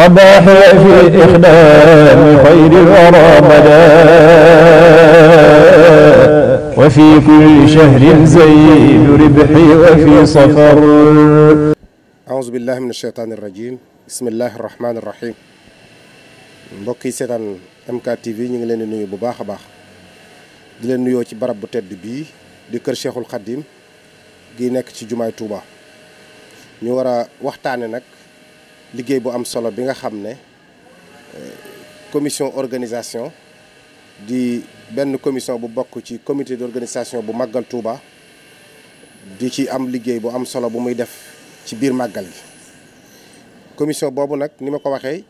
وضاحي في إخدام خير الورى بدا وفي كل شهر زيد ربحي وفي صفر أعوذ بالله من الشيطان الرجيم بسم الله الرحمن الرحيم mbokk yi seetaan MK TV ñu ngi leen di nuyu bu baax a baax di leen nuyoo ci barab bu tedd bii di kër Cheikhul Khadim gi nekk ci jumaay Touba ñu war a waxtaane nag liggéey bu am solo bi nga xam ne euh, commission organisation di benn commission bu bokk ci comité d'organisation bu màggal Touba di ci am liggéey bu am solo bu muy def ci biir màggal gi commission boobu nag ni ma ko waxee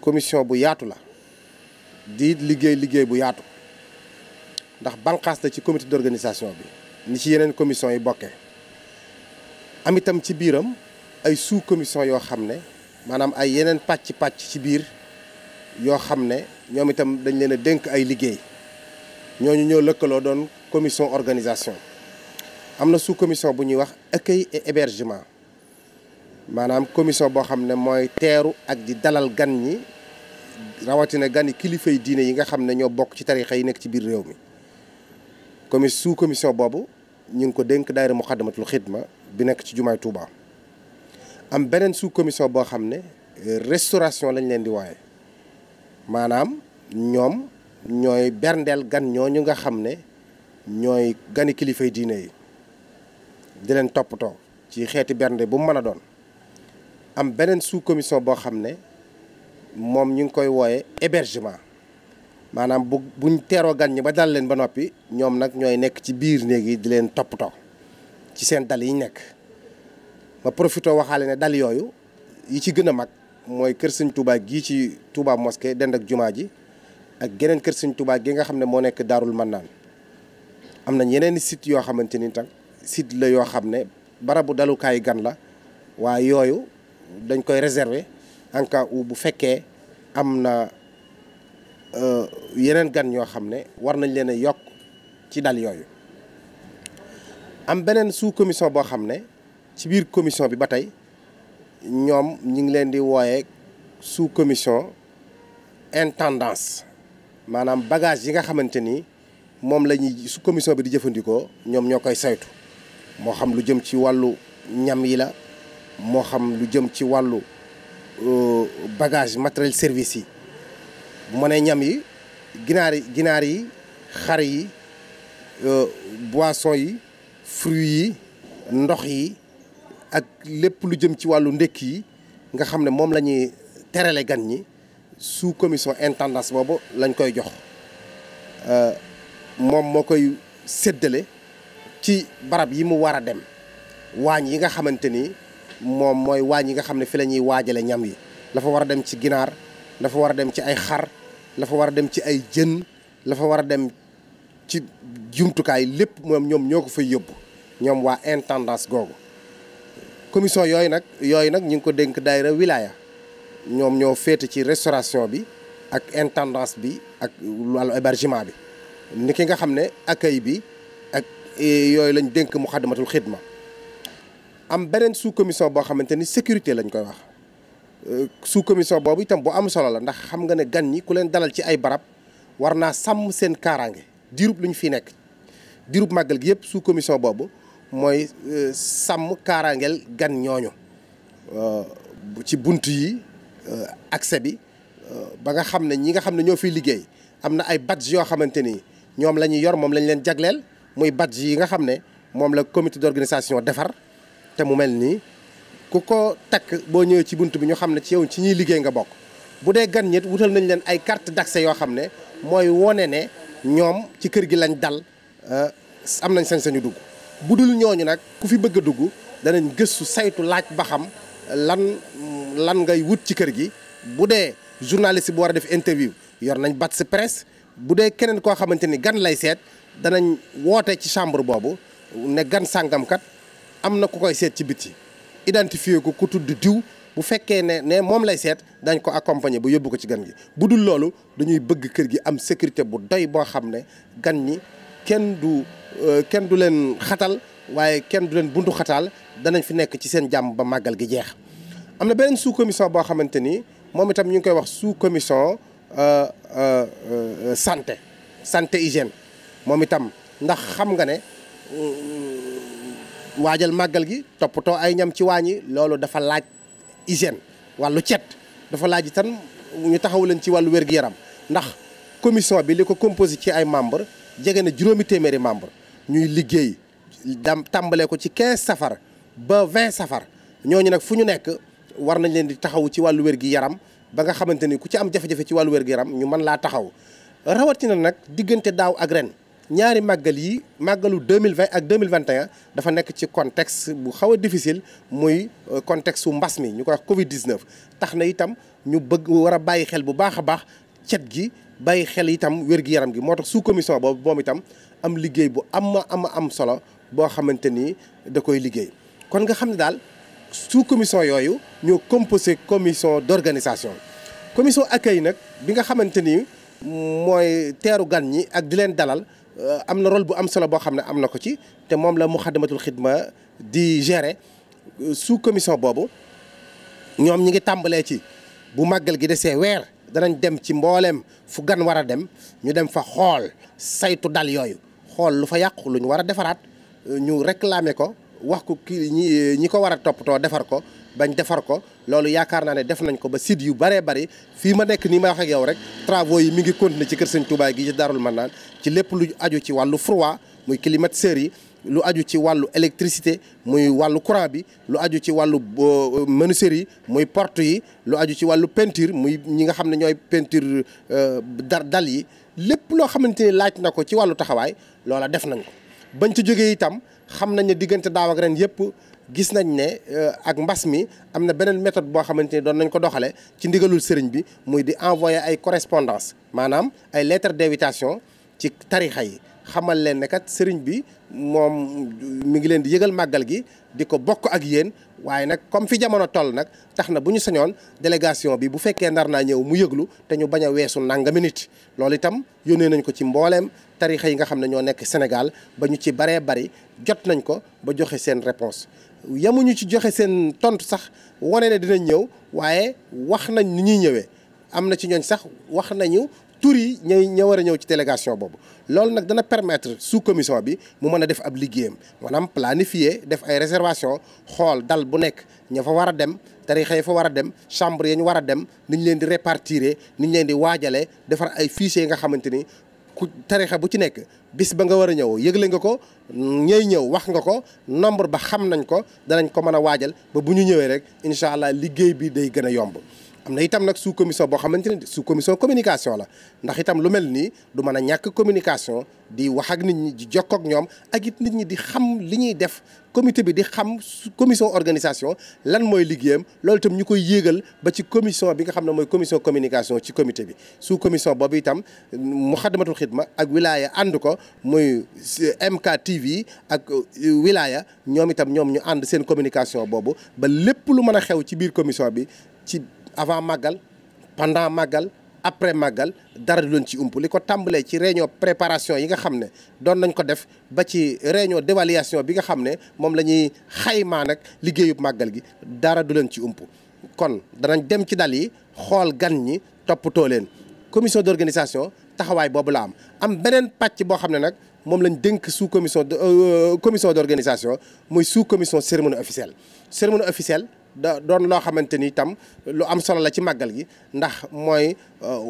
commission bu yaatu la di liggéey liggéey bu yaatu ndax banqaas la ci comité d'organisation bi ni ci yeneen commission yi bokke am itam ci biiram ay sous commission yoo xam ne maanaam ay yeneen pàcc pàcc ci biir yoo xam ne ñoom itam dañ leen a dénk ay liggéey ñoo ñu ñoo lëkkaloo doon commission organisation am na sous commission bu ñuy wax accueil et hébergement maanaam commission boo xam ne mooy teeru ak di dalal gan ñi rawatina gan yi kilifay diine yi nga xam ne ñoo bokk ci tarixa yi nekk ci biir réew mi commis sous commission boobu ñu ngi ko dénk daayira Muxaddamatul Xidma bi nekk ci jumaay am beneen sous commission boo xam ne euh, restauration lañ leen di wooye maanaam ñoom ñooy berndeel gan ñooñu nga xam ne ñooy gani kilifay diine yi di leen toppatoo ci xeeti bernde bu mu mën a doon am beneen sous commission boo xam ne moom ñu ngi koy wooye hébergement maanaam bu buñ teeroo gan ñi ba dal leen ba noppi ñoom nag ñooy nekk ci biir néegi di leen toppatoo ci seen dal yiñ nekk ma profité waxaale ne dal yooyu yi ci gën a mag mooy kër sëñ Touba gii ci Touba mosquée dend ak jumaa ji ak geneen kër sëñ Touba gi nga xam ne moo nekk Daarul Mannaan am nañ yeneen site yoo xamante ni tam site la yoo xam ne barabu dalukaay gan la waaye yooyu dañ koy réserver en u bu fekkee am na euh, yeneen gan ñoo xam ne war nañ leen a yokk ci dal yooyu am beneen sous commission boo xam ne ci biir commission bi ba tey ñoom ñu ngi leen di wooyee sous commission intendance maanaam bagage yi nga xamante ni moom la ñuy sous commission bi di jëfandikoo ñoom ñoo koy saytu moo xam lu jëm ci wàllu ñam yi la moo xam lu jëm ci wàllu euh, bagage matériel service yi bu ma ñam yi ginaar yi ginaar yi xar yi euh, boisson yi fruits yi ndox yi ak lépp lu jëm ci wàllu ndékki yi nga xam ne moom la ñuy terale gan ñi su commission intendance boobu lañ koy jox euh, moom moo koy séddale ci barab yi mu war a dem waañ yi nga xamante ni moom mooy waañ yi nga xam ne fi lañuy ñuy waajale ñam yi dafa war a dem ci ginaar dafa war a dem ci ay xar dafa war a dem ci ay jën lafa war a dem ci jumtukaay lépp moom ñoom ñoo ko fay yóbbu ñoom waa intendance googu commission yooyu nag yooyu nag ñu ngi ko dénk daayira wilaya ñoom ñoo féete ci restauration bi ak intendance bi ak wàllu hébergement bi ni ki nga xam ne accueil bi ak e, yooyu lañ dénk mu xaddamatul xidma am beneen sous commission boo xamante ni sécurité lañ koy wax e, sous commission boobu itam bu am solo la ndax xam nga ne gan ñi ku leen dalal ci ay barab war naa sàmm seen kaaraange diirub lu ñu fi nekk diirub màggal gi yëpp sous commission boobu mooy euh, sàmm kaaraangeel gan ñooñu euh, ci bunt yi euh, accès bi ba nga xam ne ñi nga xam ne ñoo fiy liggéey am na ay badge yoo xamante ni ñoom la ñuy yor moom la leen jagleel muy badge yi nga xam ne moom la comité d'organisation defar te mu mel nii ku ko takk boo ñëwee ci bunt bi ñu xam ne ci yow ci ñuy liggéey nga bokk bu dee gan ñit wutal nañ leen ay carte d'accès yoo xam ne mooy wone ne ñoom ci kër gi lañ dal am nañ sañ-sañu dugg bu dul ñooñu nag ku fi bëgg a dugg danañ gëstu saytu laaj ba xam lan lan ngay wut ci kër gi bu dee journaliste bu war a def interview yor nañ bat si presse bu dee keneen koo xamante ni gan lay seet danañ woote ci chambre boobu ne gan sàngamkat am na ku koy seet ci biti identifier ko ku tudd diw bu fekkee ne ne moom lay seet dañ ko accompagner ba yóbbu ko ci gan gi bu dul loolu dañuy bëgg kër gi am sécurité bu doy boo xam ne gan ñi kenn du Euh, kenn du leen xatal waaye kenn du leen bundu xataal danañ fi nekk ci seen jàmm ba màggal gi jeex. am na beneen sous commission boo xamante ni moom itam ñu ngi koy wax sous commission euh, euh, santé santé hygiène moom itam ndax xam nga ne. waajal màggal gi toppatoo ay ñam ci waañ yi loolu dafa laaj hygiène wàllu ceet dafa laaj itam ñu taxaw leen ci wàllu wér-gu-yaram ndax commission bi li ko composé ci ay membre jege na juróomi téeméeri membre ñuy liggéey dam tàmbalee ko ci 15 safar ba 20 safar ñooñu nag fu ñu nekk war nañ leen di taxaw ci wàllu wér gi yaram ba nga xamante ni ku ci am jafe-jafe ci wàllu wér gi yaram ñu man laa taxaw rawatina nag diggante daaw ak ren ñaari màggal yi màggalu 2020 ak 2021 dafa nekk ci contexte bu xaw a difficile muy euh, contexte su mbas mi ñu koy wax Covid 19. tax na itam ñu bëgg war a bàyyi xel bu baax a baax cet gi bàyyi xel itam wér yaram gi moo tax sous commission boobu moom itam. am liggéey bu am ama am solo boo xamante ni da koy liggéey kon nga xam ne daal su commission yooyu ñoo composé commission d'organisation commission accueil nag bi nga xamante ni mooy teeru gan ñi ak di leen dalal euh, am na rôle bu am solo boo xam ne am na ko ci te moom la Muxaddamatul Xidma di gérer euh, su commission boobu ñoom ñi ngi tàmbalee ci bu màggal gi desee weer danañ dem ci mbooleem fu gan war a dem ñu dem fa xool saytu dal yooyu xool lu fa yàqu lu ñu war a defaraat ñu réclamer ko wax ko kii ñi ñi ko war a toppatoo defar ko bañ defar ko loolu yaakaar naa ne def nañ ko ba site yu bëree bëri fii ma nekk nii ma wax yow rek travaux yi mi ngi continuer ci kër Sëñ Tuubaa gi ci Daarul Manaan ci lépp lu aju ci wàllu froid muy climatiseur yi lu aju ci wàllu électricité muy wàllu courant bi lu aju ci wàllu euh, euh, menuiserie yi muy porte yi lu aju ci wàllu peinture muy ñi nga xam ne ñooy peinture euh, dar dal yi lépp loo xamante ni laaj na ko ci wàllu taxawaay loola def nañ ko bañ ci jógee itam xam nañ ne diggante daaw ak ren yëpp gis nañ ne ak mbas mi am na beneen méthode boo xamante ni doon nañ ko doxalee ci ndigalul sëriñ bi muy di envoyé ay correspondance maanaam ay lettres d'invitation ci tarixa yi xamal leen ne kat sëriñ bi moom mu ngi leen di yëgal màggal gi di ko bokk ak yéen waaye nag comme fi jamono toll nag tax na bu ñu sañoon délégation bi bu fekkee ndar naa ñëw mu yëglu te ñu bañ a weesu nangami nit loolu itam yónnee nañ ko ci mbooleem tarixa yi nga xam ne ñoo nekk senegal ba ñu ci baree bari jot nañ ko ba joxe seen réponse yamuñu ci joxe seen tontu sax wane na dinañ ñëw waaye wax nañ ni ñuy ñëwee am na ci ñooñ sax wax nañu tur yi ñooy ñoo war a ñëw ci délégation boobu loolu nag dana permettre sous commission bi mu mën a def ab liggéeyam maanaam planifier def ay réservation xool dal bu nekk ña fa war a dem tarixa yi fa war a dem chambre yi ñu war a dem ni leen di répartir ni leen di waajalee defar ay fichiers yi nga xamante ni ku tarixe bu ci nekk bis ba nga war a ñëw yëgle nga ko ñay ñëw wax nga ko nombre ba xam nañ ko danañ ko mën a waajal ba bu ñu ñëwee rek incha allah liggéey bi day gën a yomb. am na itam nag su commission boo xamante ne sous commission communication la ndax lu mel nii du mën a ñàkk communication di wax ak nit ñi di jokkoo ak ñoom ak it nit ñi di xam li ñuy def comité bi di xam commission organisation lan mooy liggéeyam loolu itam ñu koy yéegal ba ci commission bi nga xam ne mooy commission communication ci comité bi sous commission boobu itam Muxaddamatul Xidma ak wilaya ànd ko muy MK TV ak wilaya ñoom itam ñoom ñu ànd seen communication boobu ba lépp lu mën a xew ci biir commission bi ci avant màggal pendant màggal après màggal dara du leen ci ump li ko tàmbalee ci réunion préparation yi nga xam ne doon nañ ko def ba ci réunion d'évaluation bi nga xam ne moom la ñuy xaymaa nag liggéeyub màggal gi dara du leen ci ump kon danañ dem ci dal yi xool gan ñi toppatoo leen commission d'organisation taxawaay boobu la am am beneen pàcc boo xam ne nag moom lañ dénk sous commission euh, commission d'organisation muy sous commission cérémonie officielle cérémonie officielle da doon loo xamante ni itam lu am solo la ci màggal gi ndax mooy euh,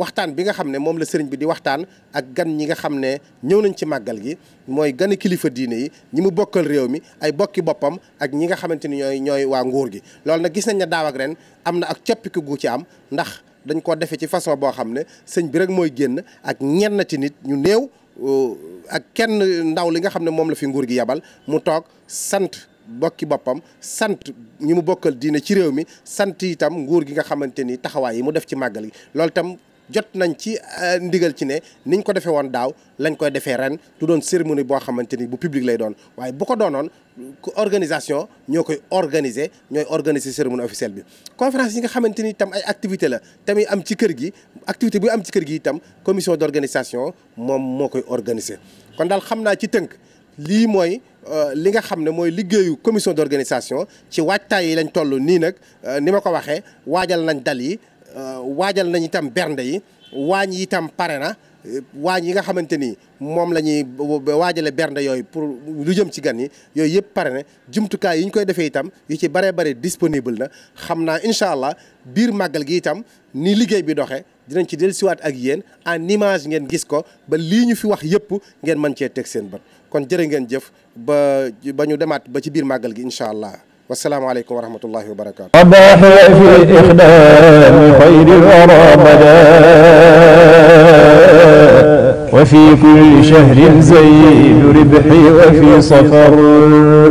waxtaan bi nga xam ne moom la sëriñ bi di waxtaan ak gan ñi nga xam ne ñëw nañ ci màggal gi mooy gani kilifa diine yi ñi mu bokkal réew mi ay bokki boppam ak ñi nga xamante ni ñooy ñooy waa nguur gi loolu nag gis nañ ne daaw ak ren am na ak coppiku gu ci am ndax dañ koo defee ci façon boo xam ne sëñ bi rek mooy génn ak ñenn ci nit ñu néew euh, ak kenn ndaw li nga xam ne moom la fi nguur gi yabal mu toog sant bokki boppam sant ñi mu bokkal diine ci réew mi sant itam nguur gi nga xamante ni taxawaay yi mu def ci màggal gi loolu itam jot nañ ci euh, ndigal ci ne niñ ko defee woon daaw lañ koy defee ren du doon cérémonie boo xamante ni bu public lay doon waaye bu ko doonoon organisation ñoo koy organiser ñooy organiser cérémonie officielle bi. conférence yi nga xamante ni ay activité la tamit am ci kër gi activité bu am ci kër gi itam commission d'organisation moom moo koy organiser kon daal xam naa ci tënk. lii mooy euh, li nga xam ne mooy liggéeyu commission d'organisation ci waajtaay yi lañ toll nii nag euh, ni ma ko waxee waajal nañ dal yi euh, waajal nañ itam bernde yi waañ yi itam pare na waañ yi nga xamante ni moom la ñuy waajale bernde yooyu pour lu jëm ci gan yi yooyu yëpp pare na jumtukaay yi ñu koy defee itam yu ci bare bare disponible na xam naa incha allah biir màggal gi itam ni liggéey bi doxee. dinañ ci dellusiwaat ak yéen en image ngeen gis ko ba lii ñu fi wax yëpp ngeen mën cee teg seen bët kon jërë ngeen jëf ba ba ñu demaat ba ci biir màggal gi incha allah wasalaamualeykum wa rahmatullahi wa barakaatu. sabaaxiya fi ixdaami xayril wara badaa wa fi kulli shahrin zaydu ribxi wa fi safar